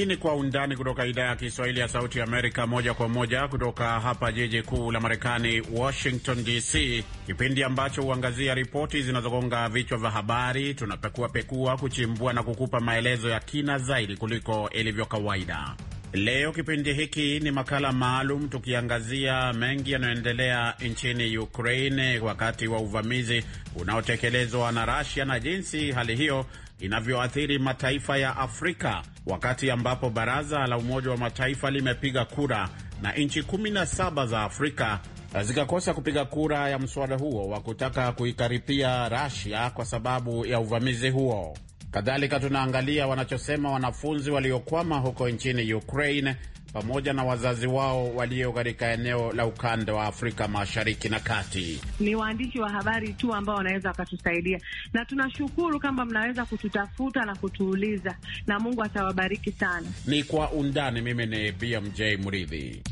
Hii ni Kwa Undani kutoka idhaa ya Kiswahili ya Sauti ya Amerika, moja kwa moja kutoka hapa jiji kuu la Marekani, Washington DC, kipindi ambacho huangazia ripoti zinazogonga vichwa vya habari. Tunapekuapekua, kuchimbua na kukupa maelezo ya kina zaidi kuliko ilivyo kawaida. Leo kipindi hiki ni makala maalum tukiangazia mengi yanayoendelea nchini Ukraine wakati wa uvamizi unaotekelezwa na rasia na jinsi hali hiyo inavyoathiri mataifa ya Afrika, wakati ambapo baraza la Umoja wa Mataifa limepiga kura na nchi 17 za Afrika zikakosa kupiga kura ya mswada huo wa kutaka kuikaripia Russia kwa sababu ya uvamizi huo. Kadhalika tunaangalia wanachosema wanafunzi waliokwama huko nchini Ukraine pamoja na wazazi wao walio katika eneo la ukanda wa Afrika Mashariki na Kati. Ni waandishi wa habari tu ambao wanaweza wakatusaidia, na tunashukuru kama mnaweza kututafuta na kutuuliza, na Mungu atawabariki sana. Ni kwa undani. Mimi ni BMJ Mridhi.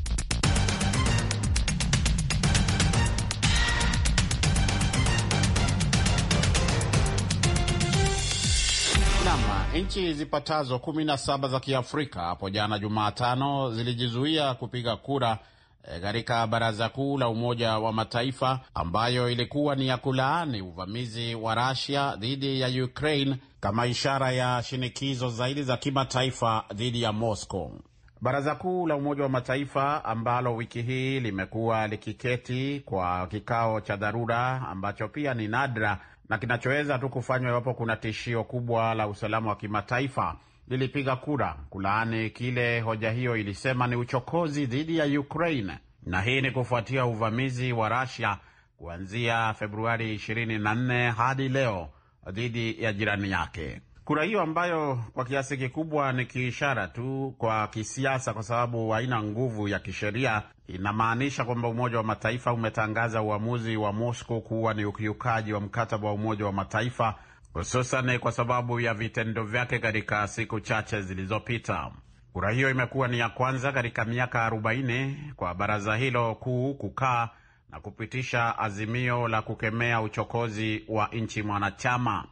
Nchi zipatazo 17 za Kiafrika hapo jana Jumatano zilijizuia kupiga kura eh, katika baraza kuu la Umoja wa Mataifa ambayo ilikuwa ni ya kulaani uvamizi wa Russia dhidi ya Ukraine kama ishara ya shinikizo zaidi za kimataifa dhidi ya Moscow. Baraza kuu la Umoja wa Mataifa ambalo wiki hii limekuwa likiketi kwa kikao cha dharura ambacho pia ni nadra na kinachoweza tu kufanywa iwapo kuna tishio kubwa la usalama wa kimataifa, lilipiga kura kulaani kile hoja hiyo ilisema ni uchokozi dhidi ya Ukraine, na hii ni kufuatia uvamizi wa rasia kuanzia Februari 24 hadi leo dhidi ya jirani yake. Kura hiyo ambayo kwa kiasi kikubwa ni kiishara tu kwa kisiasa, kwa sababu haina nguvu ya kisheria, inamaanisha kwamba Umoja wa Mataifa umetangaza uamuzi wa Moscow kuwa ni ukiukaji wa mkataba wa Umoja wa Mataifa, hususan kwa sababu ya vitendo vyake katika siku chache zilizopita. Kura hiyo imekuwa ni ya kwanza katika miaka 40 kwa baraza hilo kuu kukaa na kupitisha azimio la kukemea uchokozi wa nchi mwanachama.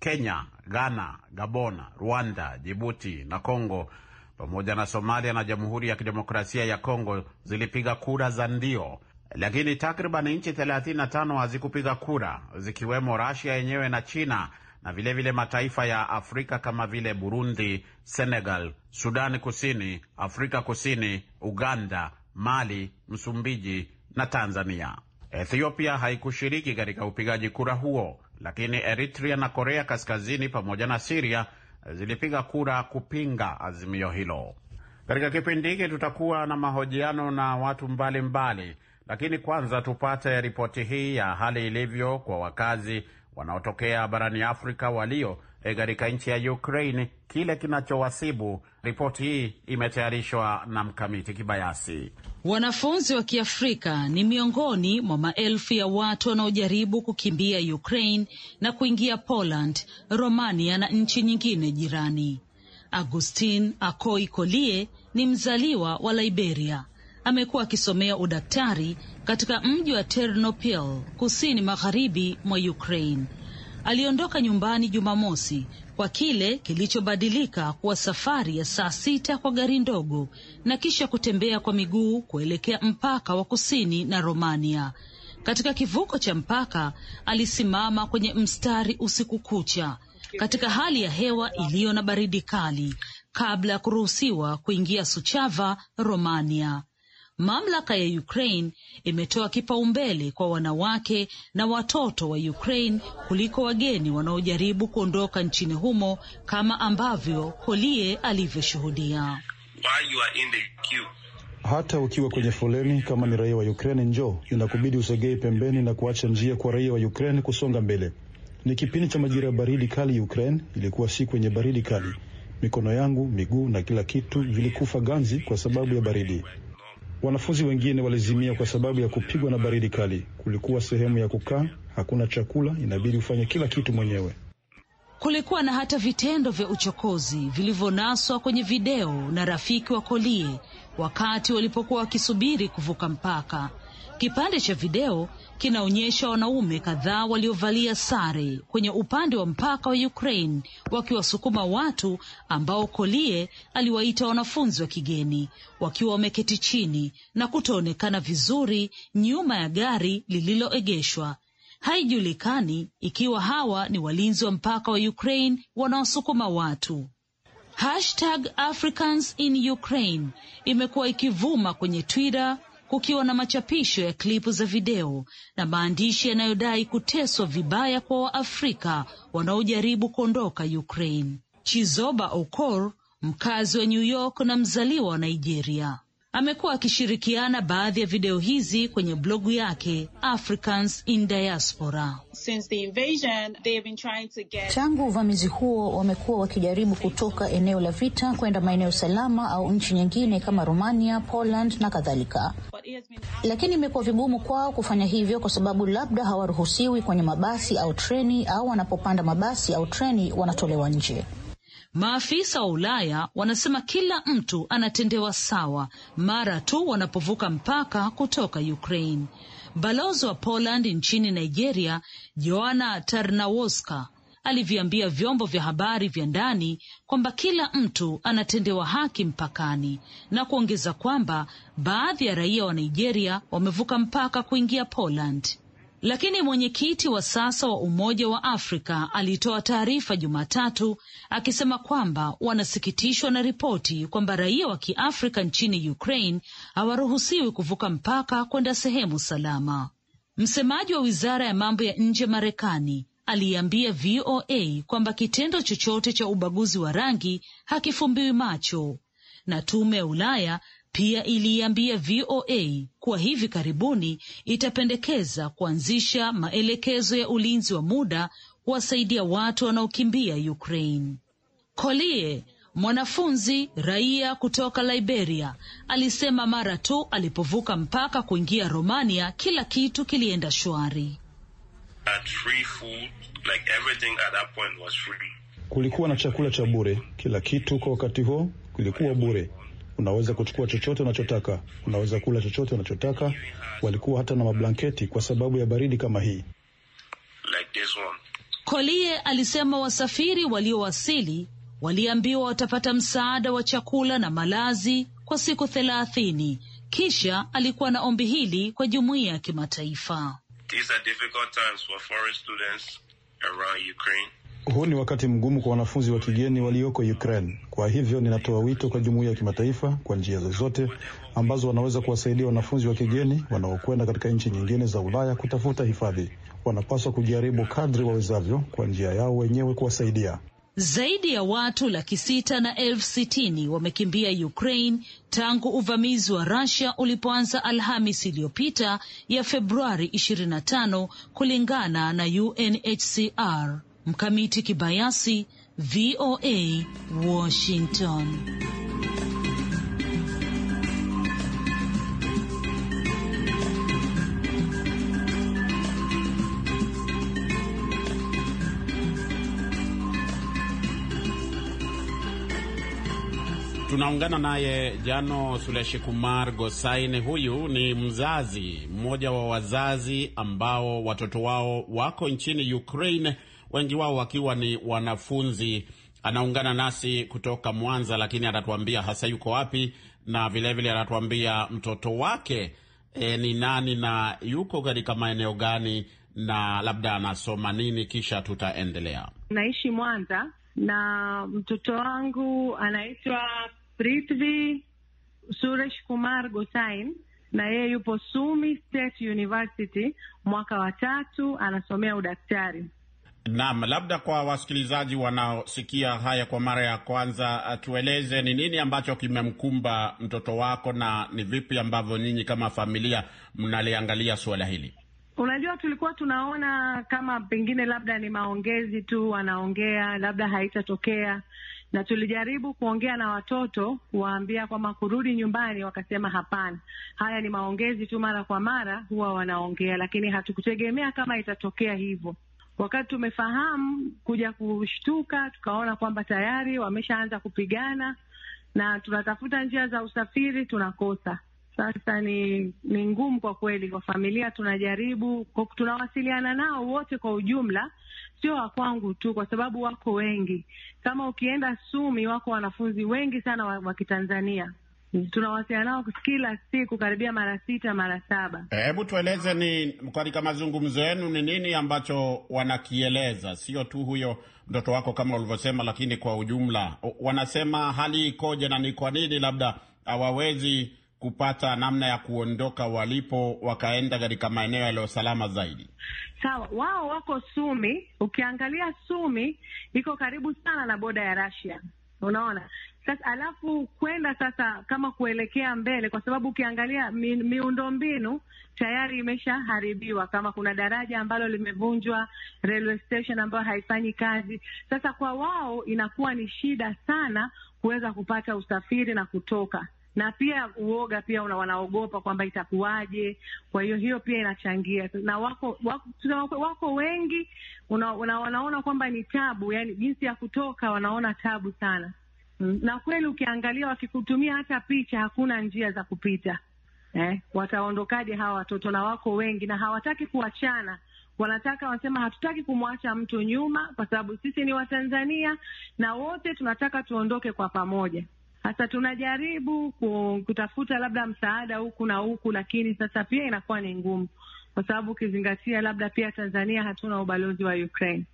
Kenya, Ghana, gabon Rwanda, Jibuti na congo pamoja na Somalia na Jamhuri ya Kidemokrasia ya congo zilipiga kura za ndio, lakini takriban nchi 35 hazikupiga kura, zikiwemo rasia yenyewe na China na vilevile vile mataifa ya Afrika kama vile Burundi, Senegal, Sudani Kusini, Afrika Kusini, Uganda, Mali, Msumbiji na Tanzania. Ethiopia haikushiriki katika upigaji kura huo lakini Eritrea na Korea Kaskazini pamoja na Siria zilipiga kura kupinga azimio hilo. Katika kipindi hiki tutakuwa na mahojiano na watu mbalimbali mbali, lakini kwanza tupate ripoti hii ya hali ilivyo kwa wakazi wanaotokea barani Afrika walio E, katika nchi ya Ukraine kile kinachowasibu. Ripoti hii imetayarishwa na Mkamiti Kibayasi. Wanafunzi wa Kiafrika ni miongoni mwa maelfu ya watu wanaojaribu kukimbia Ukraine na kuingia Poland, Romania na nchi nyingine jirani. Agustin Akoi Kolie ni mzaliwa wa Liberia. Amekuwa akisomea udaktari katika mji wa Ternopil kusini magharibi mwa Ukraine aliondoka nyumbani Jumamosi kwa kile kilichobadilika kuwa safari ya saa sita kwa gari ndogo na kisha kutembea kwa miguu kuelekea mpaka wa kusini na Romania. Katika kivuko cha mpaka alisimama kwenye mstari usiku kucha katika hali ya hewa iliyo na baridi kali kabla ya kuruhusiwa kuingia Suchava, Romania. Mamlaka ya Ukraine imetoa kipaumbele kwa wanawake na watoto wa Ukraine kuliko wageni wanaojaribu kuondoka nchini humo kama ambavyo Holie alivyoshuhudia. Hata ukiwa kwenye foleni, kama ni raia wa Ukraine, njoo, inakubidi usogei pembeni na kuacha njia kwa raia wa Ukraine kusonga mbele. Ni kipindi cha majira ya baridi kali Ukraine. Ilikuwa siku yenye baridi kali. Mikono yangu, miguu na kila kitu vilikufa ganzi kwa sababu ya baridi. Wanafunzi wengine walizimia kwa sababu ya kupigwa na baridi kali. Kulikuwa sehemu ya kukaa, hakuna chakula, inabidi ufanye kila kitu mwenyewe. Kulikuwa na hata vitendo vya uchokozi vilivyonaswa kwenye video na rafiki wa Kolie wakati walipokuwa wakisubiri kuvuka mpaka. Kipande cha video kinaonyesha wanaume kadhaa waliovalia sare kwenye upande wa mpaka wa Ukraine wakiwasukuma watu ambao Kolie aliwaita wanafunzi wa kigeni, wakiwa wameketi chini na kutoonekana vizuri nyuma ya gari lililoegeshwa. Haijulikani ikiwa hawa ni walinzi wa mpaka wa Ukraine wanaosukuma watu. Hashtag Africans in Ukraine imekuwa ikivuma kwenye Twitter kukiwa na machapisho ya klipu za video na maandishi yanayodai kuteswa vibaya kwa Waafrika wanaojaribu kuondoka Ukraine. Chizoba Okor, mkazi wa New York na mzaliwa wa Nigeria, Amekuwa akishirikiana baadhi ya video hizi kwenye blogu yake Africans in Diaspora. Since the invasion, been trying to get... Tangu uvamizi huo wamekuwa wakijaribu kutoka eneo la vita kwenda maeneo salama au nchi nyingine kama Romania, Poland na kadhalika lakini imekuwa vigumu kwao kufanya hivyo kwa sababu labda hawaruhusiwi kwenye mabasi au treni au wanapopanda mabasi au treni wanatolewa nje. Maafisa wa Ulaya wanasema kila mtu anatendewa sawa mara tu wanapovuka mpaka kutoka Ukraine. Balozi wa Poland nchini Nigeria, Joana Tarnawoska, alivyoambia vyombo vya habari vya ndani kwamba kila mtu anatendewa haki mpakani na kuongeza kwamba baadhi ya raia wa Nigeria wamevuka mpaka kuingia Poland. Lakini mwenyekiti wa sasa wa Umoja wa Afrika alitoa taarifa Jumatatu akisema kwamba wanasikitishwa na ripoti kwamba raia wa Kiafrika nchini Ukraine hawaruhusiwi kuvuka mpaka kwenda sehemu salama. Msemaji wa wizara ya mambo ya nje Marekani aliambia VOA kwamba kitendo chochote cha ubaguzi wa rangi hakifumbiwi macho na tume ya Ulaya pia iliiambia VOA kuwa hivi karibuni itapendekeza kuanzisha maelekezo ya ulinzi wa muda kuwasaidia watu wanaokimbia Ukraine. Kolie mwanafunzi raia kutoka Liberia alisema mara tu alipovuka mpaka kuingia Romania, kila kitu kilienda shwari. Kulikuwa na chakula cha bure, kila kitu kwa wakati huo kilikuwa bure. Unaweza kuchukua chochote unachotaka, unaweza kula chochote unachotaka. Walikuwa hata na mablanketi kwa sababu ya baridi kama hii. Like Kolie alisema wasafiri waliowasili waliambiwa watapata msaada wa chakula na malazi kwa siku thelathini. Kisha alikuwa na ombi hili kwa jumuiya ya kimataifa. Huu ni wakati mgumu kwa wanafunzi wa kigeni walioko Ukraine. Kwa hivyo ninatoa wito kwa jumuiya ya kimataifa kwa njia zozote ambazo wanaweza kuwasaidia wanafunzi wa kigeni wanaokwenda katika nchi nyingine za Ulaya kutafuta hifadhi. Wanapaswa kujaribu kadri wawezavyo kwa njia yao wenyewe kuwasaidia. Zaidi ya watu laki sita na elfu sitini wamekimbia Ukraine tangu uvamizi wa Russia ulipoanza Alhamis iliyopita ya Februari 25 kulingana na UNHCR. Mkamiti Kibayasi, VOA Washington. Tunaungana naye Jano Suleshi Kumar Gosaine. Huyu ni mzazi mmoja wa wazazi ambao watoto wao wako nchini Ukraine wengi wao wakiwa ni wanafunzi. Anaungana nasi kutoka Mwanza, lakini atatuambia hasa yuko wapi na vilevile anatuambia mtoto wake e, ni nani na yuko katika maeneo gani na labda anasoma nini, kisha tutaendelea. Naishi Mwanza na mtoto wangu anaitwa Prithvi Suresh Kumar Gosain na yeye yupo Sumi State University mwaka wa tatu, anasomea udaktari. Naam, labda kwa wasikilizaji wanaosikia haya kwa mara ya kwanza, uh, tueleze ni nini ambacho kimemkumba mtoto wako na ni vipi ambavyo nyinyi kama familia mnaliangalia suala hili? Unajua, tulikuwa tunaona kama pengine labda ni maongezi tu, wanaongea labda haitatokea, na tulijaribu kuongea na watoto kuwaambia kwamba kurudi nyumbani, wakasema hapana, haya ni maongezi tu, mara kwa mara huwa wanaongea, lakini hatukutegemea kama itatokea hivyo. Wakati tumefahamu kuja kushtuka, tukaona kwamba tayari wameshaanza kupigana na tunatafuta njia za usafiri tunakosa. Sasa ni ni ngumu kwa kweli, kwa familia tunajaribu, tunawasiliana nao wote kwa ujumla, sio wakwangu tu, kwa sababu wako wengi. Kama ukienda Sumi, wako wanafunzi wengi sana wa Kitanzania Mm. tunawasiliana nao kila siku karibia mara sita mara saba. Eh, hebu tueleze ni katika mazungumzo yenu ni nini ambacho wanakieleza, sio tu huyo mtoto wako kama ulivyosema, lakini kwa ujumla wanasema hali ikoje na ni kwa nini labda hawawezi kupata namna ya kuondoka walipo wakaenda katika maeneo yaliyo salama zaidi. Sawa, wao wako Sumi. Ukiangalia Sumi iko karibu sana na boda ya Russia, unaona sasa alafu kwenda sasa kama kuelekea mbele, kwa sababu ukiangalia mi, miundombinu tayari imeshaharibiwa. Kama kuna daraja ambalo limevunjwa, railway station ambayo haifanyi kazi, sasa kwa wao inakuwa ni shida sana kuweza kupata usafiri na kutoka na pia uoga pia una wanaogopa kwamba itakuwaje. Kwa hiyo hiyo pia inachangia, na wako wako, wako wengi una, una, wanaona kwamba ni tabu, yani jinsi ya kutoka wanaona tabu sana mm. Na kweli ukiangalia wakikutumia hata picha, hakuna njia za kupita eh. Wataondokaje hawa watoto? Na wako wengi na hawataki kuachana wanataka wanasema, hatutaki kumwacha mtu nyuma, kwa sababu sisi ni Watanzania na wote tunataka tuondoke kwa pamoja. Sasa tunajaribu kutafuta labda msaada huku na huku, lakini sasa pia inakuwa ni ngumu, kwa sababu ukizingatia labda pia Tanzania hatuna ubalozi wa Ukraine.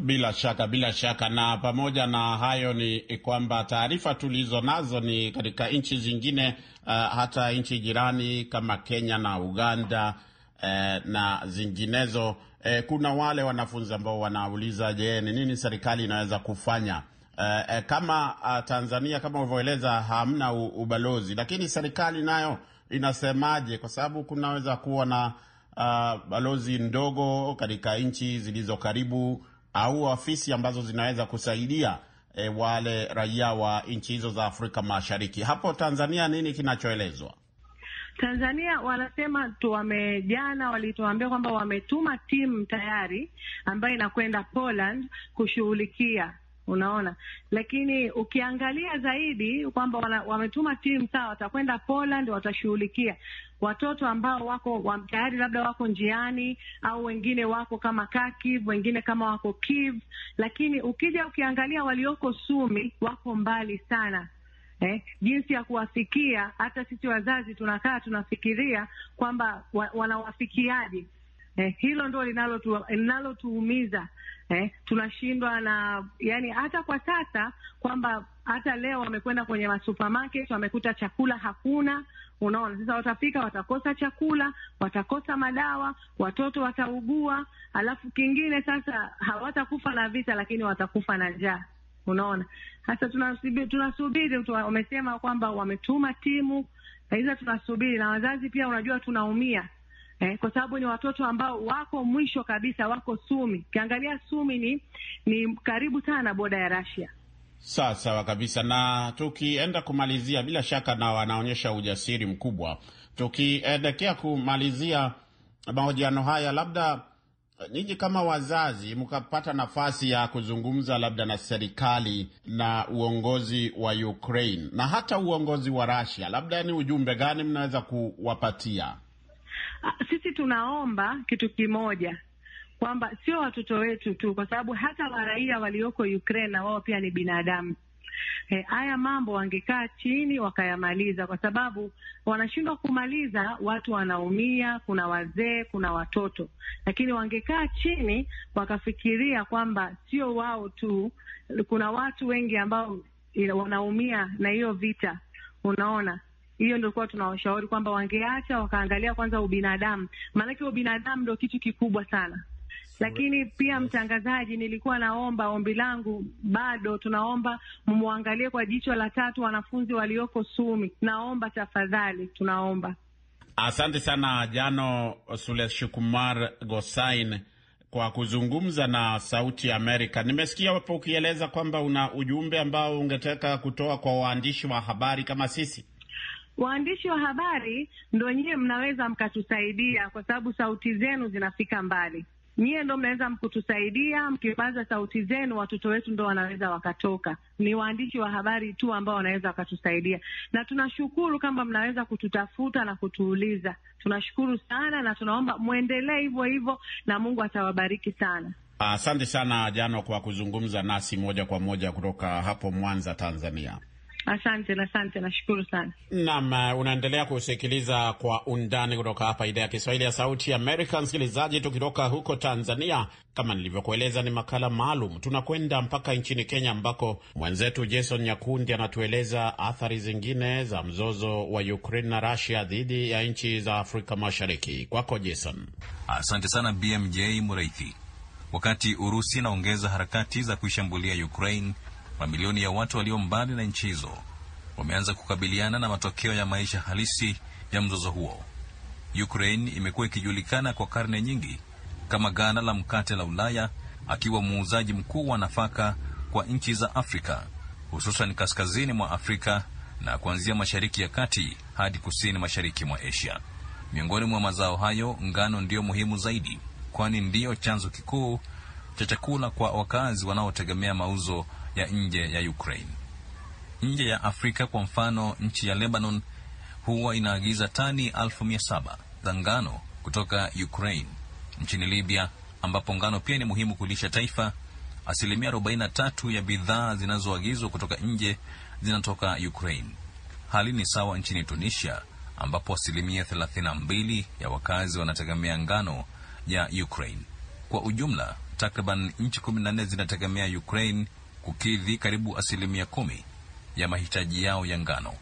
Bila shaka, bila shaka. Na pamoja na hayo ni kwamba taarifa tulizo nazo ni katika nchi zingine, uh, hata nchi jirani kama Kenya na Uganda uh, na zinginezo uh, kuna wale wanafunzi ambao wanauliza je, ni nini serikali inaweza kufanya? Uh, uh, kama ah, Tanzania kama ulivyoeleza hamna ubalozi, lakini serikali nayo inasemaje? Kwa sababu kunaweza kuwa na uh, balozi ndogo katika nchi zilizo karibu au ofisi ambazo zinaweza kusaidia e, wale raia wa nchi hizo za Afrika Mashariki. Hapo Tanzania nini kinachoelezwa? Tanzania wanasema tu wame, jana walituambia kwamba wametuma timu tayari ambayo inakwenda Poland kushughulikia Unaona, lakini ukiangalia zaidi kwamba wametuma timu sawa, watakwenda Poland watashughulikia, watoto ambao wako tayari labda wako njiani au wengine wako kama Kharkiv, wengine kama wako Kiev, lakini ukija ukiangalia walioko Sumi wako mbali sana. Eh, jinsi ya kuwafikia, hata sisi wazazi tunakaa tunafikiria kwamba wa, wanawafikiaje? Eh, hilo ndo linalotuumiza tu, eh, tunashindwa na yani, hata kwa sasa kwamba hata leo wamekwenda kwenye masupermarket wamekuta chakula hakuna, Unaona, sasa watafika, watakosa chakula, watakosa madawa, watoto wataugua, alafu kingine sasa hawatakufa na vita, lakini watakufa na njaa. Unaona, sasa tunasubiri, tunasubiri. Wamesema kwamba wametuma timu aiza, tunasubiri na wazazi pia, unajua tunaumia Eh, kwa sababu ni watoto ambao wako mwisho kabisa, wako Sumi. Ukiangalia Sumi ni, ni karibu sana boda ya Russia. Sawa sawa kabisa. Na tukienda kumalizia, bila shaka na wanaonyesha ujasiri mkubwa. Tukielekea kumalizia mahojiano haya, labda eh, nyinyi kama wazazi mkapata nafasi ya kuzungumza labda na serikali na uongozi wa Ukraine na hata uongozi wa Russia, labda ni ujumbe gani mnaweza kuwapatia? Ah, sisi tunaomba kitu kimoja kwamba sio watoto wetu tu, kwa sababu hata waraia walioko Ukraine na wao pia ni binadamu. Haya e, haya mambo wangekaa chini wakayamaliza, kwa sababu wanashindwa kumaliza, watu wanaumia, kuna wazee, kuna watoto, lakini wangekaa chini wakafikiria kwamba sio wao tu, kuna watu wengi ambao wanaumia na hiyo vita. Unaona, hiyo ndio kuwa tunawashauri kwamba wangeacha wakaangalia kwanza ubinadamu, maanake ubinadamu ndio kitu kikubwa sana. Lakini pia mtangazaji, nilikuwa naomba ombi langu bado, tunaomba mmwangalie kwa jicho la tatu wanafunzi walioko Sumi. Naomba tafadhali, tunaomba. Asante sana Jano Suleshukumar Gosain kwa kuzungumza na Sauti ya Amerika. Nimesikia wapo ukieleza kwamba una ujumbe ambao ungetaka kutoa kwa waandishi wa habari kama sisi. Waandishi wa habari ndo nyiwe mnaweza mkatusaidia, kwa sababu sauti zenu zinafika mbali. Nyie ndo mnaweza mkutusaidia, mkipaza sauti zenu, watoto wetu ndo wanaweza wakatoka. Ni waandishi wa habari tu ambao wanaweza wakatusaidia, na tunashukuru kama mnaweza kututafuta na kutuuliza. Tunashukuru sana na tunaomba mwendelee hivyo hivyo, na Mungu atawabariki sana. Asante sana Jano kwa kuzungumza nasi moja kwa moja kutoka hapo Mwanza, Tanzania. Asante na asante, nashukuru sana. Naam, eh, unaendelea kusikiliza Kwa Undani kutoka hapa idhaa ya Kiswahili ya Sauti ya Amerika. Msikilizaji, tukitoka huko Tanzania, kama nilivyokueleza, ni makala maalum, tunakwenda mpaka nchini Kenya ambako mwenzetu Jason Nyakundi anatueleza athari zingine za mzozo wa Ukraine na Russia dhidi ya nchi za Afrika Mashariki. Kwako Jason. Asante sana BMJ Muraithi. Wakati Urusi inaongeza harakati za kuishambulia Ukraine Mamilioni ya watu walio mbali na nchi hizo wameanza kukabiliana na matokeo ya maisha halisi ya mzozo huo. Ukraine imekuwa ikijulikana kwa karne nyingi kama ghala la mkate la Ulaya, akiwa muuzaji mkuu wa nafaka kwa nchi za Afrika, hususan kaskazini mwa Afrika na kuanzia Mashariki ya Kati hadi kusini mashariki mwa Asia. Miongoni mwa mazao hayo, ngano ndiyo muhimu zaidi, kwani ndiyo chanzo kikuu cha chakula kwa wakazi wanaotegemea mauzo ya nje ya Ukraine. Nje ya Afrika, kwa mfano, nchi ya Lebanon huwa inaagiza tani elfu mia saba za ngano kutoka Ukraine. Nchini Libya, ambapo ngano pia ni muhimu kulisha taifa, asilimia 43 ya bidhaa zinazoagizwa kutoka nje zinatoka Ukraine. Hali ni sawa nchini Tunisia, ambapo asilimia 32 ya wakazi wanategemea ngano ya Ukraine. Kwa ujumla, takriban nchi 14 zinategemea Ukraine kukidhi karibu asilimia kumi ya mahitaji yao ya ngano.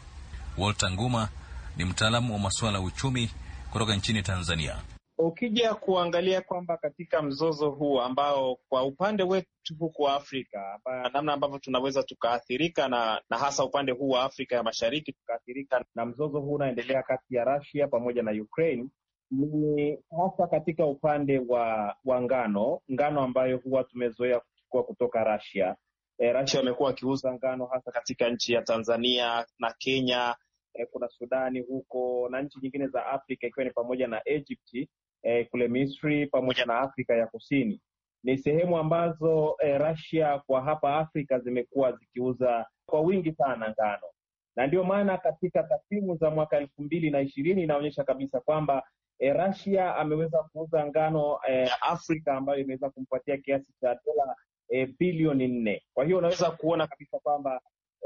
Walter Nguma ni mtaalamu wa masuala ya uchumi kutoka nchini Tanzania. Ukija kuangalia kwamba katika mzozo huu ambao kwa upande wetu huku Afrika namna ambavyo tunaweza tukaathirika na, na hasa upande huu wa Afrika ya Mashariki tukaathirika na mzozo huu unaendelea kati ya Russia pamoja na Ukraine ni hasa katika upande wa, wa ngano, ngano ambayo huwa tumezoea kuchukua kutoka Russia E, eh, Rasia wamekuwa wakiuza ngano hasa katika nchi ya Tanzania na Kenya. E, kuna Sudani huko na nchi nyingine za Afrika ikiwa ni pamoja na Egypt, e, kule Misri pamoja na Afrika ya Kusini. Ni sehemu ambazo e, Rasia kwa hapa Afrika zimekuwa zikiuza kwa wingi sana ngano, na ndio maana katika takwimu za mwaka elfu mbili na ishirini inaonyesha kabisa kwamba e, Rasia ameweza kuuza ngano e, Afrika ambayo imeweza kumpatia kiasi cha dola e, bilioni nne. Kwa hiyo unaweza kuona kabisa kwamba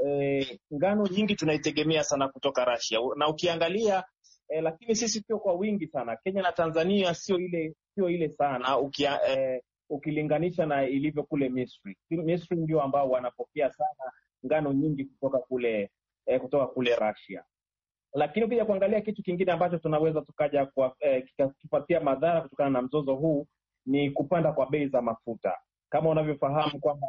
e, ngano nyingi tunaitegemea sana kutoka Russia na ukiangalia e, lakini sisi sio kwa wingi sana. Kenya na Tanzania sio ile sio ile sana ukia, e, ukilinganisha na ilivyo kule Misri. Misri ndio ambao wanapokea sana ngano nyingi kutoka kule e, kutoka kule Russia. Lakini ukija kuangalia kitu kingine ambacho tunaweza tukaja kwa e, kikapatia madhara kutokana na mzozo huu ni kupanda kwa bei za mafuta kama unavyofahamu kwamba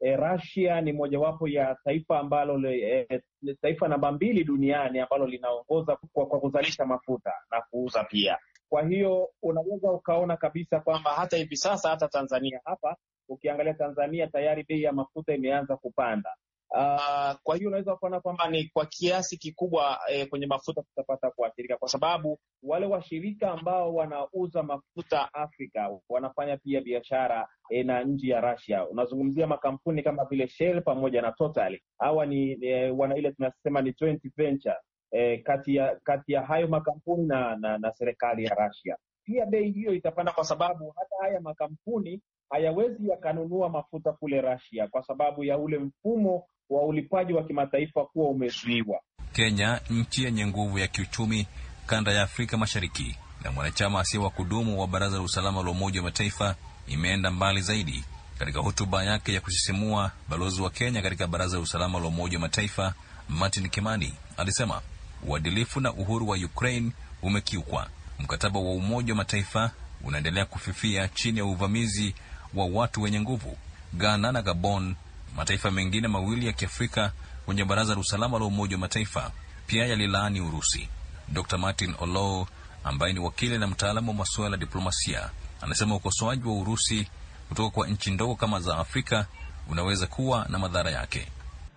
e, Russia ni mojawapo ya taifa ambalo le, e, taifa namba mbili duniani ambalo linaongoza kwa, kwa kuzalisha mafuta na kuuza pia. Kwa hiyo unaweza ukaona kabisa kwamba hata hivi sasa hata Tanzania hapa ukiangalia Tanzania tayari bei ya mafuta imeanza kupanda. Uh, kwa hiyo unaweza kuona kwamba ni kwa kiasi kikubwa eh, kwenye mafuta tutapata kuathirika, kwa sababu wale washirika ambao wanauza mafuta Afrika wanafanya pia biashara eh, na nchi ya Russia. Unazungumzia makampuni kama vile Shell pamoja na Total. Hawa ni eh, wana ile tunasema ni joint venture eh, kati ya kati ya hayo makampuni na, na, na serikali ya Russia. Pia bei hiyo itapanda kwa sababu hata haya makampuni hayawezi yakanunua mafuta kule Russia kwa sababu ya ule mfumo wa ulipaji wa kimataifa kuwa umezuiwa. Kenya, nchi yenye nguvu ya kiuchumi kanda ya Afrika Mashariki na mwanachama asiye wa kudumu wa Baraza la Usalama la Umoja wa Mataifa, imeenda mbali zaidi. Katika hotuba yake ya kusisimua, balozi wa Kenya katika Baraza la Usalama la Umoja wa Mataifa Martin Kimani alisema uadilifu na uhuru wa Ukraine umekiukwa. Mkataba wa Umoja wa Mataifa unaendelea kufifia chini ya uvamizi wa watu wenye nguvu. Ghana na Gabon Mataifa mengine mawili ya Kiafrika kwenye Baraza la Usalama la Umoja wa Mataifa pia yalilaani Urusi. Dr Martin olo ambaye ni wakili na mtaalamu wa masuala ya diplomasia anasema ukosoaji wa Urusi kutoka kwa nchi ndogo kama za Afrika unaweza kuwa na madhara yake.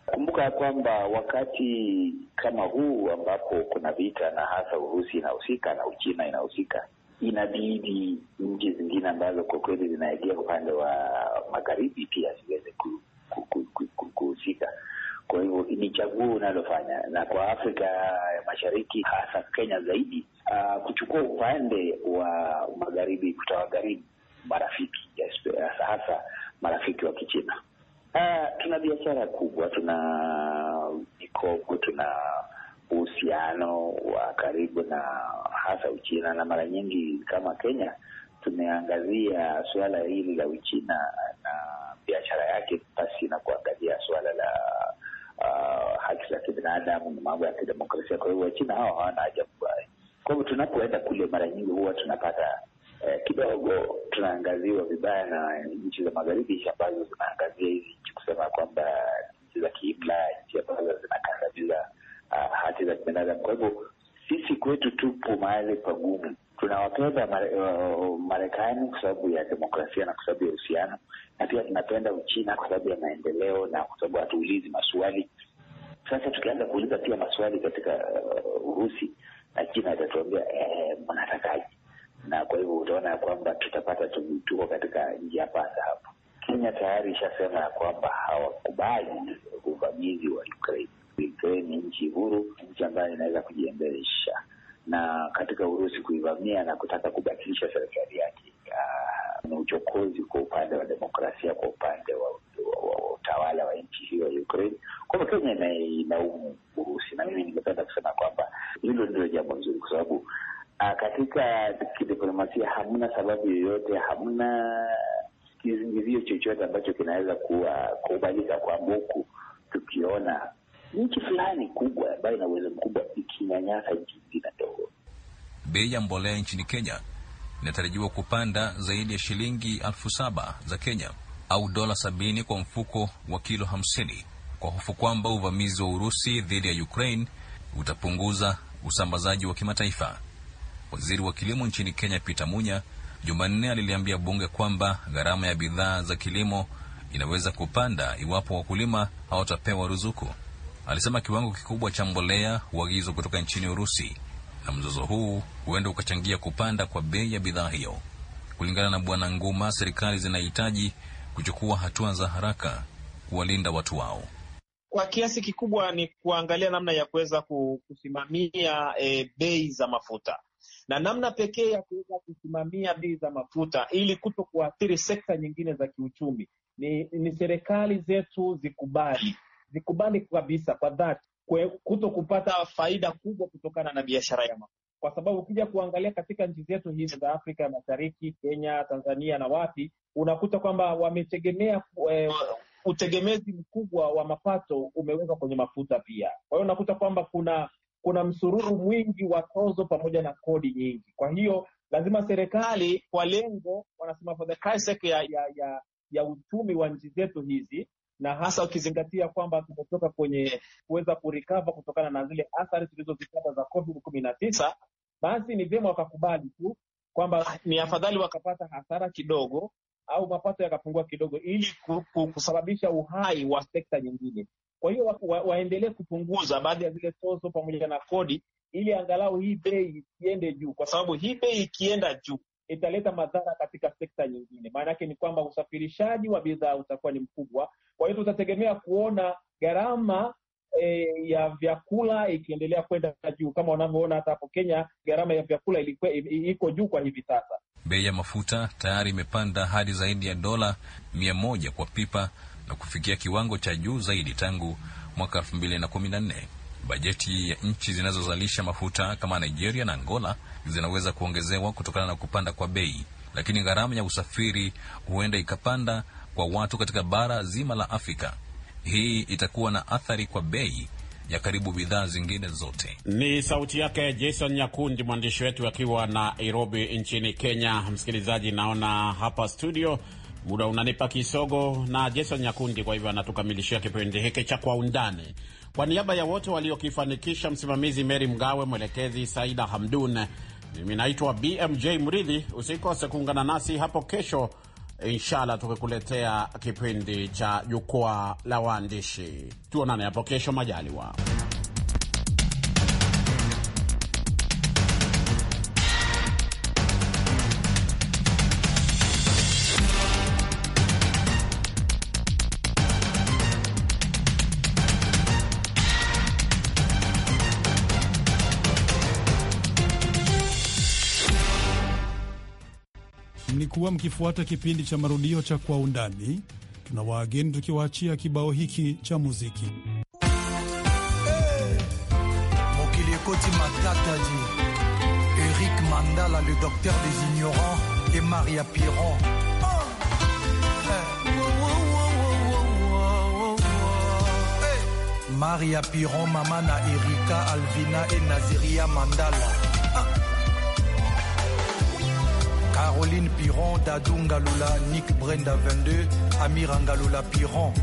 Kumbuka kwamba wakati kama huu ambapo kuna vita na hasa Urusi inahusika na Uchina inahusika, inabidi nchi zingine ambazo kwa kweli zinaegea upande wa magharibi pia ziweze kuhusika. Kwa hivyo ni chaguo unalofanya, na kwa Afrika ya Mashariki, hasa Kenya zaidi, uh, kuchukua upande wa magharibi, kutawagharibu marafiki hasa hasa marafiki wa Kichina. Uh, tuna biashara kubwa, tuna mikopo, tuna uhusiano wa karibu na hasa Uchina, na mara nyingi kama Kenya tumeangazia suala hili la Uchina na binadamu ni mambo ya kidemokrasia. Kwa hiyo Wachina hao hawana haja mbaya. Kwa hivyo tunapoenda kule, mara nyingi huwa tunapata eh, kidogo tunaangaziwa vibaya na nchi za magharibi ambazo zinaangazia hizi nchi kusema kwamba nchi za kiimla, nchi ambazo zinakandamiza uh, haki za kibinadamu. Kwa hivyo sisi kwetu tupo mahali pagumu. Tunawapenda eh, Marekani kwa sababu ya demokrasia na kwa sababu ya uhusiano, na pia tunapenda Uchina kwa sababu ya maendeleo na kwa sababu hatuulizi maswali sasa tukianza kuuliza pia maswali katika uh, Urusi, China atatuambia eh, mnatakaje? Na kwa hivyo utaona ya kwamba tutapata tuko katika njia panda hapo. Kenya tayari ishasema ya kwamba hawakubali uvamizi wa Ukraine. Ukraine ni nchi huru, nchi ambayo inaweza kujiendesha, na katika Urusi kuivamia na kutaka kubatilisha serikali yake uh, ni uchokozi kwa upande wa demokrasia, kwa upande wa utawala wa, wa, wa nchi hiyo ya Ukraine kwa hivyo Kenya inailaumu Urusi, na mimi ningependa kusema kwamba hilo ndio jambo nzuri, kwa sababu ah, katika kidiplomasia hamna sababu yoyote, hamna kizingizio chochote ambacho kinaweza kuwa kubalika kwamba huku tukiona nchi fulani kubwa ambayo ina uwezo mkubwa ikinyanyasa nchi nyingine ndogo. Bei ya mbolea nchini Kenya inatarajiwa kupanda zaidi ya shilingi elfu saba za Kenya au dola sabini kwa mfuko wa kilo hamsini kwa hofu kwamba uvamizi wa Urusi dhidi ya Ukraine utapunguza usambazaji wa kimataifa. Waziri wa kilimo nchini Kenya Peter Munya Jumanne aliliambia bunge kwamba gharama ya bidhaa za kilimo inaweza kupanda iwapo wakulima hawatapewa ruzuku. Alisema kiwango kikubwa cha mbolea huagizwa kutoka nchini Urusi na mzozo huu huenda ukachangia kupanda kwa bei ya bidhaa hiyo. Kulingana na Bwana Nguma, serikali zinahitaji kuchukua hatua za haraka kuwalinda watu wao kwa kiasi kikubwa ni kuangalia namna ya kuweza kusimamia e, bei za mafuta na namna pekee ya kuweza kusimamia bei za mafuta ili kuto kuathiri sekta nyingine za kiuchumi ni, ni serikali zetu zikubali zikubali kabisa kwa dhati kuto kupata faida kubwa kutokana na biashara ya mafuta, kwa sababu ukija kuangalia katika nchi zetu hizi za Afrika Mashariki, Kenya, Tanzania na wapi, unakuta kwamba wametegemea eh, utegemezi mkubwa wa mapato umewekwa kwenye mafuta pia. Kwa hiyo unakuta kwamba kuna kuna msururu mwingi wa tozo pamoja na kodi nyingi. Kwa hiyo lazima serikali kwa lengo wanasema for the ya, ya, ya, ya uchumi wa nchi zetu hizi na hasa ukizingatia kwamba tumetoka kwenye kuweza kurikava kutokana na zile athari tulizozipata za Covid kumi na tisa, basi ni vyema wakakubali tu kwamba ni afadhali wakapata hasara kidogo au mapato yakapungua kidogo, ili kusababisha uhai wa sekta nyingine. Kwa hiyo wa, wa, waendelee kupunguza baadhi ya zile tozo pamoja na kodi, ili angalau hii bei isiende juu, kwa sababu hii bei ikienda juu italeta madhara katika sekta nyingine. Maana yake ni kwamba usafirishaji wa bidhaa utakuwa ni mkubwa, kwa hiyo tutategemea kuona gharama e, ya vyakula ikiendelea kwenda juu. Kama wanavyoona hata hapo Kenya, gharama ya vyakula ilikuwa iko juu kwa hivi sasa. Bei ya mafuta tayari imepanda hadi zaidi ya dola mia moja kwa pipa na kufikia kiwango cha juu zaidi tangu mwaka elfu mbili na kumi na nne. Bajeti ya nchi zinazozalisha mafuta kama Nigeria na Angola zinaweza kuongezewa kutokana na kupanda kwa bei, lakini gharama ya usafiri huenda ikapanda kwa watu katika bara zima la Afrika. Hii itakuwa na athari kwa bei ya karibu bidhaa zingine zote. Ni sauti yake Jason Nyakundi, mwandishi wetu akiwa na Nairobi nchini Kenya. Msikilizaji, naona hapa studio muda unanipa kisogo, na Jason Nyakundi kwa hivyo anatukamilishia kipindi hiki cha Kwa Undani. Kwa niaba ya wote waliokifanikisha, msimamizi Meri Mgawe, mwelekezi Saida Hamdun, mimi naitwa BMJ Mridhi. Usikose kuungana nasi hapo kesho inshallah tukikuletea kipindi cha jukwaa la waandishi. Tuonane hapo kesho majaliwa. mlikuwa mkifuata kipindi cha marudio cha Kwa Undani. Tuna wageni tukiwaachia kibao hiki cha muziki hey. Mokiliekoti Matata ji Eric Mandala le docteur des ignorants et Maria Piron Maria Piron mama Erika Alvina et Naziria Mandala Caroline Piron, Dadou Ngaloula, Nick Brenda 22, Amir Ngaloula Piron,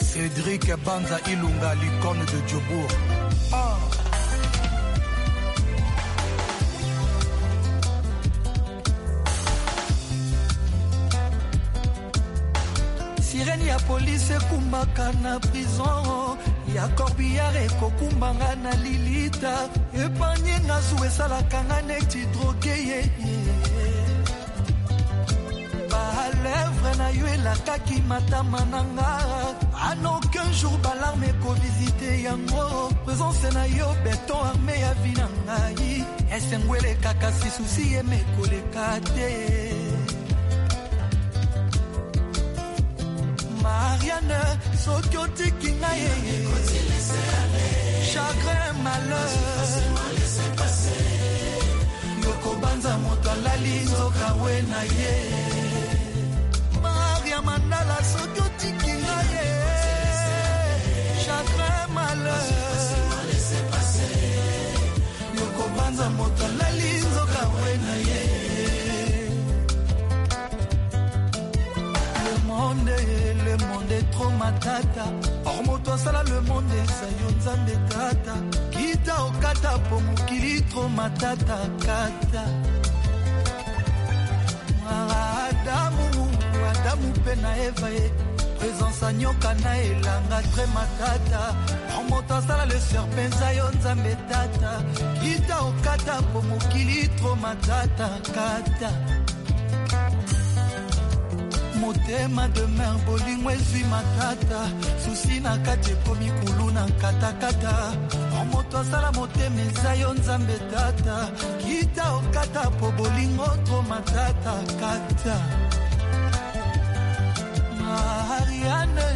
Cédric Banza Ilunga, l'icône de Djobourg. Ah. sirene ya polise ekumbaka na prison ya corbillare ekokumbanga na lilita epanye nga zu esalaka nga neti droge frère na la kaki matama na nga ana aucun jour balarme visiter yango présence na yo beton arme ya vi na ngai esengo elekaka sisusi yeme koleka te Marianne, soki otiki ngai chagrin malheur yokobanza moto alali nzoka we na ye mandala soki otiki ngaye eh, chagrin malheur yokobanza moto alali nzoka ye monde le monde matata or moto asala le monde eza nzambe kita okata po mokili tro matata kata adamu adamu mpe na eva ye présence anyoka na elanga tre matata moto asala leser mpenza yo nzambe tata kita okata mpo mokili tro matata kata motema de mer bolingo ezwi matata. susi na kati ekomi kulu na katakata o moto asala motema eza yo nzambe tata kita okata po bolingo to matata kata mariane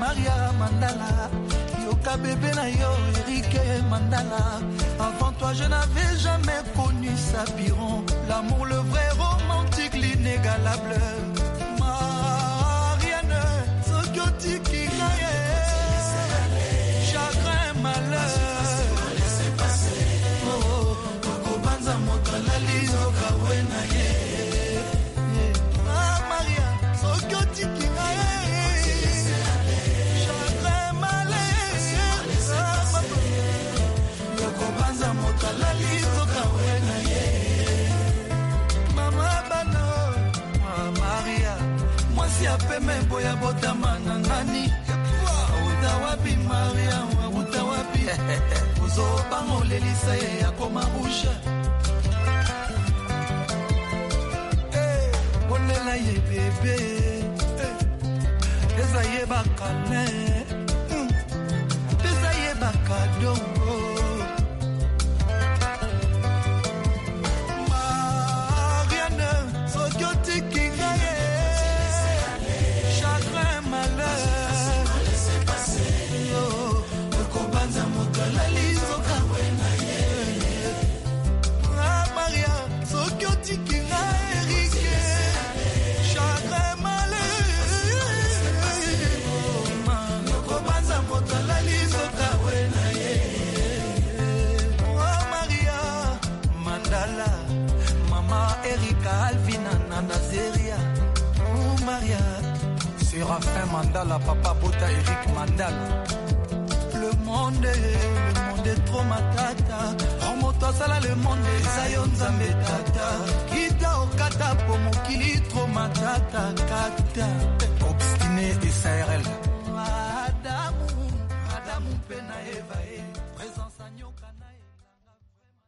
maria mandala yoka bebe na yo erike mandala avant toi je n'avais jamais connu Sabiron l'amour le vrai romantique l'inégalable Un mandala, papa bota Eric Mandala. Le monde, le monde est trop matata. Remonte à sala le monde, Zion Zambé tata. Kita okata, pomokili trop matata, kata. Obstiné et SRL.